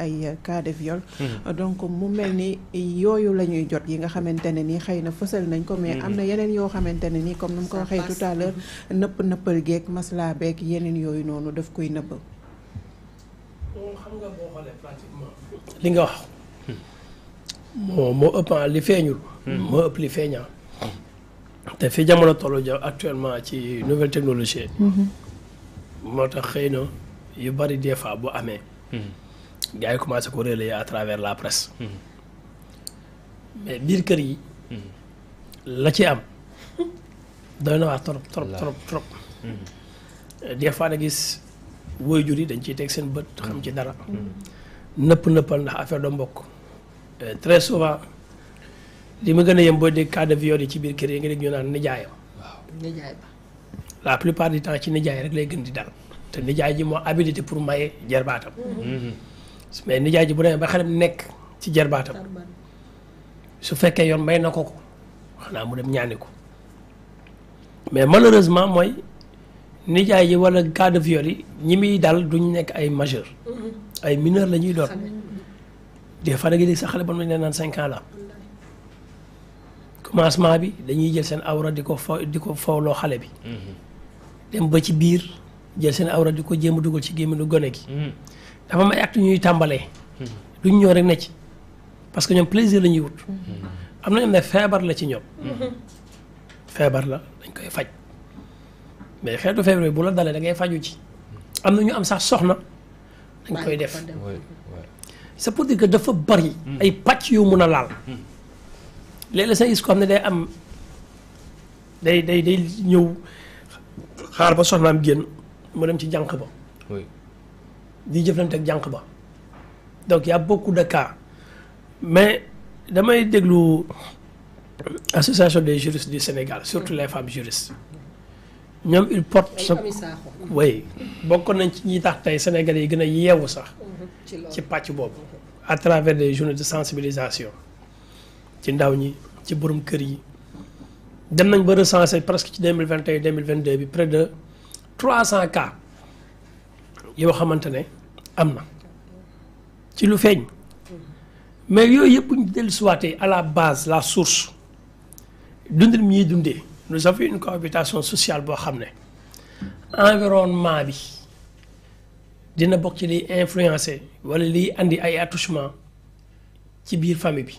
ay euh, cas de viol. Mm-hmm. Euh, donc mu mel ni yooyu la ñuy jot yi nga xamante ne nii xëy na fësal nañ ko. mais am na mm-hmm. yeneen yoo xamante ne nii comme nu mu ko waxee tout à l'heure nëpp nëppal geeg maslaa beeg yooyu noonu daf koy nëbb. xam nga boo xoolee li nga moo moo ëpp ah, li feeñul. Mm-hmm. moo ëpp li feeñaa. te fi jamono tollu ja actuellement ci nouvelle technologie. moo tax xëy na yu bari des fois bu amee. gars yi commencé ko relayer à travers la presse. mais biir kër yi. la ci am doy na waar trop trop trop trop. Hmm. des fois da gis waajur yi dañ ciy teg seen bët xam hmm. ci dara. Hmm. nëpp nëppal ndax affaire doo mbokk. Euh, très souvent li mu gën a yem boo dégg cas de viol yi ci biir kër yi nga dégg ñu naan nijaayam. waaw nijaay la plupart du temps ci nijaay rek lay gën di dara te nijaay ji moo habilité pour maye jerbaatam. mais nijaay ji bu demee ba xarit nekk ci jarbaatam su fekkee yoon may na ko ko xanaa mu dem ñaani ko mais malheureusement mooy nijaay yi wala cas de yi ñi muy dal duñ nekk ay majeur mm-hmm. ay mineur la ñuy doon des fois da ngay sa xale ba mu ne naan cinq la commencement bi dañuy jël seen awra di ko fo di ko fowloo xale bi mm-hmm. dem ba ci biir jël seen awra di ko jéem a dugal ci gémmilu gone gi mm-hmm. dafa am ay actes ñuy tàmbalee. duñ ñëw rek ne ci parce que ñoom plaisir la ñuy wut. am na ñoom ne feebar la ci ñoom. feebar la dañ koy faj mais xeetu feebar bi bu la dalee da ngay faju ci am na ñu am sax soxna dañ koy def. c'est pour dire que dafa bari. Hmm. ay pàcc yoo mun a laal. Hmm. léeg-léeg sa gis ko xam ne day am day day day ñëw xaar ba soxnaam génn mu dem ci jànq ba. di jëflante ak y' a beaucoup de cas mais damay déglu l'association des juristes du Sénégal surtout les femmes juristes ñoom ils portent oui bokk nañ ci ñi tax tey Sénégalais yi gën a yeewu sax mhm. ci pàcc boobu à travers des journées de sensibilisation ci ndaw ñi ci borom kër yi dem nañ ba recenser presque ci 2021 2022 bi près de 300 cas yo xamante amna ci lu feeñ mais yooyu ñu del siwaatee à la base la source dundal mi ñuy dundee nous avons une cohabitation sociale bo xamné environnement bi dina bok ci li influencer wala li andi ay attouchement ci biir famille bi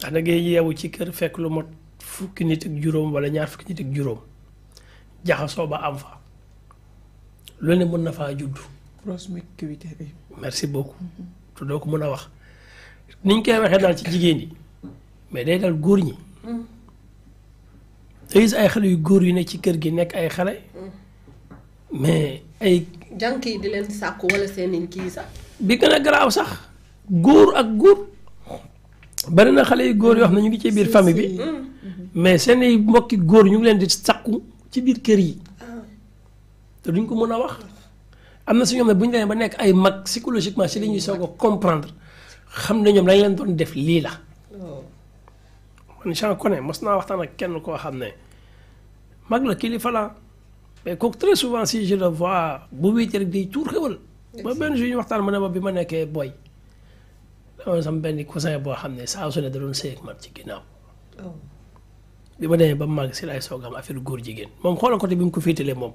ndax da ngay yeewu ci kër fekk lu mot fukki nit ak juróom wala ñaar fukki nit ak juróom jaxasoo ba am fa lo ne mën na faa judd. promiscuité bi. merci beaucoup. te doo ko mën a wax. niñ ñu koy waxee daal ci jigéen yi mais day dal góor ñi. day gis ay xale yu góor yu ne ci kër gi nekk ay xale. mais ay. jànk yi di leen sàkku wala seen kii sax. bi gën a garaaw sax. góor ak góor. bari na xale yu góor yoo xam ne ñu ngi ci biir famille bi. mais seen i mbokki góor ñu ngi leen di sàkku ci biir kër yi. te duñ ko mën a wax am na si ñoom ne bu ñu demee ba nekk ay mag psychologiquement si li ñuy soog comprendre xam ne ñoom lañ leen doon def lii la. Oh. man j'en connais naa waxtaan ak kenn koo xam ne mag la kilifa la mais kooku souvent si je le vois bu wéetee rek day tuur xewal. ba benn jour ñu waxtaan ma ne ma bi ma nekkee boy. dama sama benn cousin boo xam ne saa su ne man ci ginnaaw. Oh. bi ma demee ba mag si laay soog am affaire góor jigéen moom xoolal côté bi mu ko féetalee moom.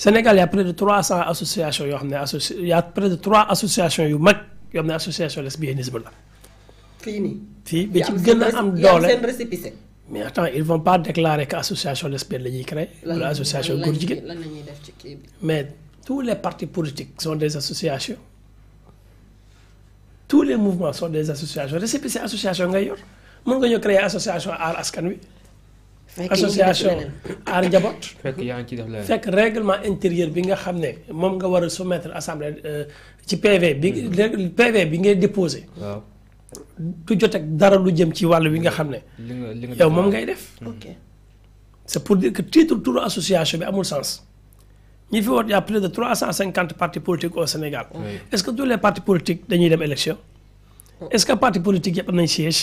Sénégal il y' a près de 300 associations il y' a près de 3 associations yu mag yoo une association lesbianisme Fini. fii nii. fii ci am mais attends ils vont pas déclarer que association lesbienne est créée, L'association wala mais tous les partis politiques sont des associations. tous les mouvements sont des associations récépissé association ngay yor mën nga ñoo créer association aar askan association aar njaboot fekk règlement intérieur bi nga xam ne moom nga war a soumettre assemblée euh, ci PV bi mm-hmm. PV bi ngay déposé du jot ak dara lu jëm ci wàll wi nga xam ne mm-hmm. yow moom ngay def mm-hmm. c'est pour dire que titre turu association bi amul sens ñi fi woot y a plus de trois cent cinquante partis politiques au Sénégal est-ce que tous les partis politiques dañuy dem élection est-ce que partis politiques yëpp am nañ siège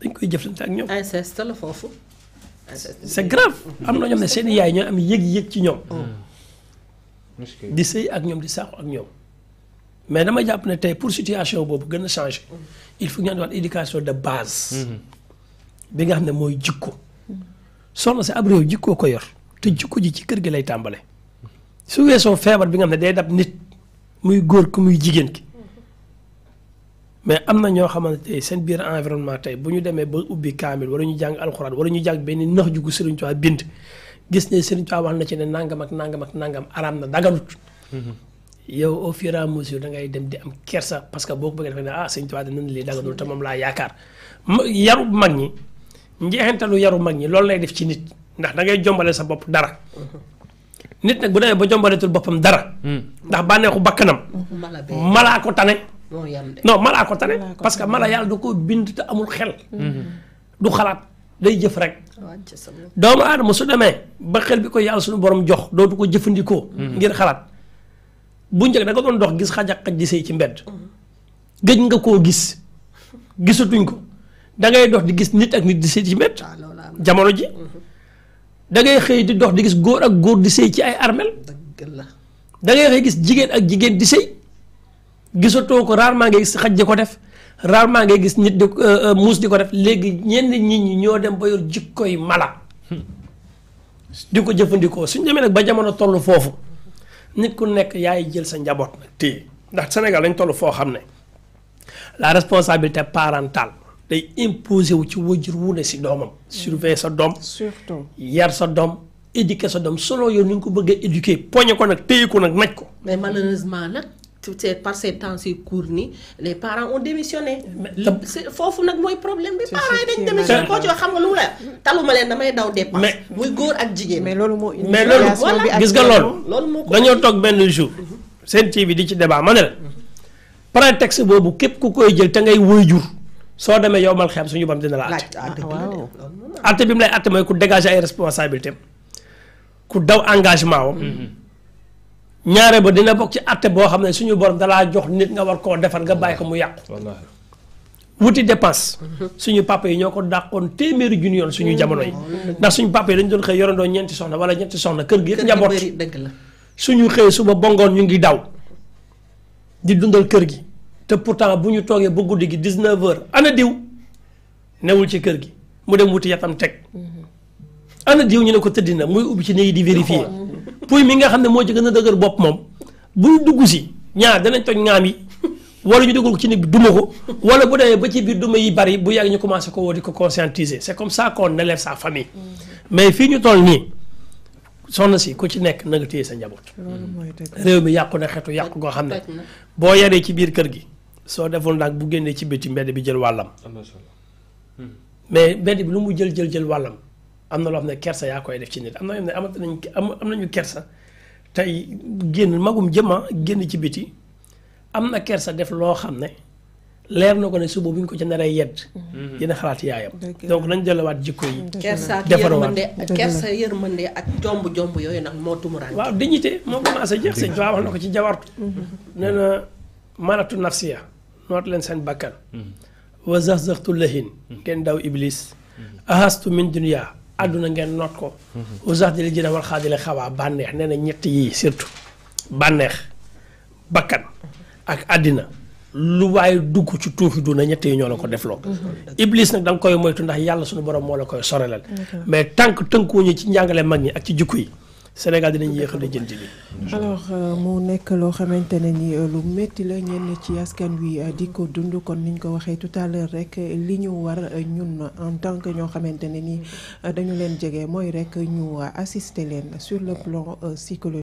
dañ koy jëflante ak ñoom. inceste la foofu. c'est grave am na ñoom ne seen yaay ñoo am yëg-yëg ci ñoom. Oh. Mm. di sëy ak ñoom di saxu ak ñoom. mais dama jàpp ne tey pour situation boobu gën a changer il faut ñu andiwaat éducation de base. Mm-hmm. bi nga xam ne mooy jikko. soxna si ab réew jikkoo ko yor te jikko ji ci kër gi lay tàmbale. su weesoo feebar bi nga xam ne day dab nit muy góor ku muy jigéen ki. mais am na ñoo xamante seen biir environnement tey bu ñu demee ba ubbi kaamil wala ñu jàng alxuraan wala ñu jàng benn nax jugu Serigne Touba bind gis ne Serigne Touba wax na ci ne nangam ak nangam ak nangam araam na daganut. Mm-hmm. yow au fur et da ngay dem di am kersa parce que boo ko bëggee dafay ne ah Serigne Touba dinañ te moom laa yaakaar yaru mag ñi njeexintalu yaru mag ñi loolu lay def ci nit ndax dangay jombale sa bopp dara. Mm-hmm. nit nag bu demee ba jombaletul boppam dara. Mm. ndax bànneexu bakkanam. mala ko tane. No mala ko tane parce que mala yalla dako bind te amul xel mm-hmm. du xalat day jëf rek doomu adama su demee ba xel bi ko yàlla suñu borom jox dootu ko jëfandikoo mm-hmm. ngir xalaat bu da nga doon dox gis xaj ak xaj di ci mbedd mm-hmm. gëj nga koo gis gisatuñ ko da ngay dox di gis nit ak nit di sey ci mbedd ah, jamono ji da ngay xëy di dox di gis góor ak góor di sey ci ay armel da ngay xëy gis jigéen ak jigéen di sey gisatoo ko rarement ngay gis xaj di ko def rarement ngay gis nit di euh, euh, muus di ko def léegi ñenn nit ñi ñoo dem ba yor koy mala hmm. di ko jëfandikoo suñ demee nag ba jamono toll foofu nit ku nekk yaay jël sa njaboot nag téye ndax Sénégal dañ toll foo xam ne la responsabilité parentale day imposé wu ci wajur wu ne si doomam surveiller sa doom surtout yar sa doom éduquer sa doom solo yow ni nga ko bëggee éduquer poñe ko nag téye ko nag naj ko mais malheureusement nag par ces temps si cours ni les parents ont démissionné. fofu nak moy problème bi. parents yi dañ démissionné koo ci xam nga lu la taluma len damay daw dépense. mais muy góor ak jigéen. mais lolu mo mais lolu gis nga loolu. dañoo tok ben jour. seen TV di ci débat manel ne la. prétexte boobu képp ku koy jël te ngay woy jur soo demee yow mal xam suñu bam dina la àtte. Ah, àtte bi mu lay àtte mooy ku dégager ay responsabilités ku daw engagement mm-hmm. ñaare ba dina bokk ci atte boo xam ne suñu borom dalaa jox nit nga war koo defar nga bàyyi ko mu yàqu wuti dépense suñu papa yi ñoo ko dàqoon téeméeri junni yoon suñu jamono yi ndax suñu papa yi dañu doon xëy yorandoo ñeenti soxna wala ñeenti soxna kër gi yëpp njaboot suñu xëy suba bongoon ñu ngi daw di dundal kër gi te pourtant bu ñu toogee ba guddi gi 19 heures ana diw newul ci kër gi mu dem wuti yatam teg ana diw ñu ne ko tëddina muy ubbi ci néegi di vérifier puy mi nga xam ne moo ci gën a dëgër bopp moom buñ dugg si ñaar danañ toj ŋaam yi wala ñu dugal ko ci néeg bi duma ko wala bu demee ba ci biir duma yi bari bu yàgg ñu commencé ko woo ko conscientiser c'est comme ça qu'on sa famille mm. mais fii ñu toll nii soxna si ku ci nekk na nga sa njaboot réew mi yàqu na xetu yàqu goo xam ne boo yaree ci biir kër gi soo defoon nag bu génnee ci biti mbedd bi jël wàllam hmm. mais mbedd bi lu mu jël jël jël wàllam am na loo xam ne kersa yaa koy def ci nit am na yoo ne am nañu kersa tey génn magum jëma ah, génn ci biti am na kersa def loo xam ne leer na ko ne suba bu ñu ko ca naree yedd. Mhm. dina xalaat yaayam. donc nañ delluwaat jikko yi. defarawaat kersa yërmande ak jomb jomb yooyu nag moo tumuraan. waaw dignité moo commencé jeex sëñ Tuubaa wax na ko ci jawartu mhm. nee na manatu nafsiya noot leen seen bakkan. Mhm. wa zaxzaxtu lahin. ngeen daw iblis. ahastu min dunya àdduna ngeen noot ko. oustaz di la jëlee war xaajale xawaa bànneex nee na ñett yii surtout bànneex bakkan ak àddina lu waaye dugg ci du duna ñett yi ñoo la ko defloo. Iblis nag da nga koy moytu ndax yàlla suñu borom moo la koy sorelal mais tànk tënkuwuñu ci njàngale mag ñi ak ci jukku yi. Sénégal dinañ yéex a lijjanti bi. alors euh, mu nekk loo xamante ni euh, lu metti la ñen ci askan wi euh, di ko dund kon niñ ko waxé tout à l'heure rek li ñu war ñun en tant que ñoo xamante ni dañu leen jege moy rek ñu assister leen sur le plan psychologique.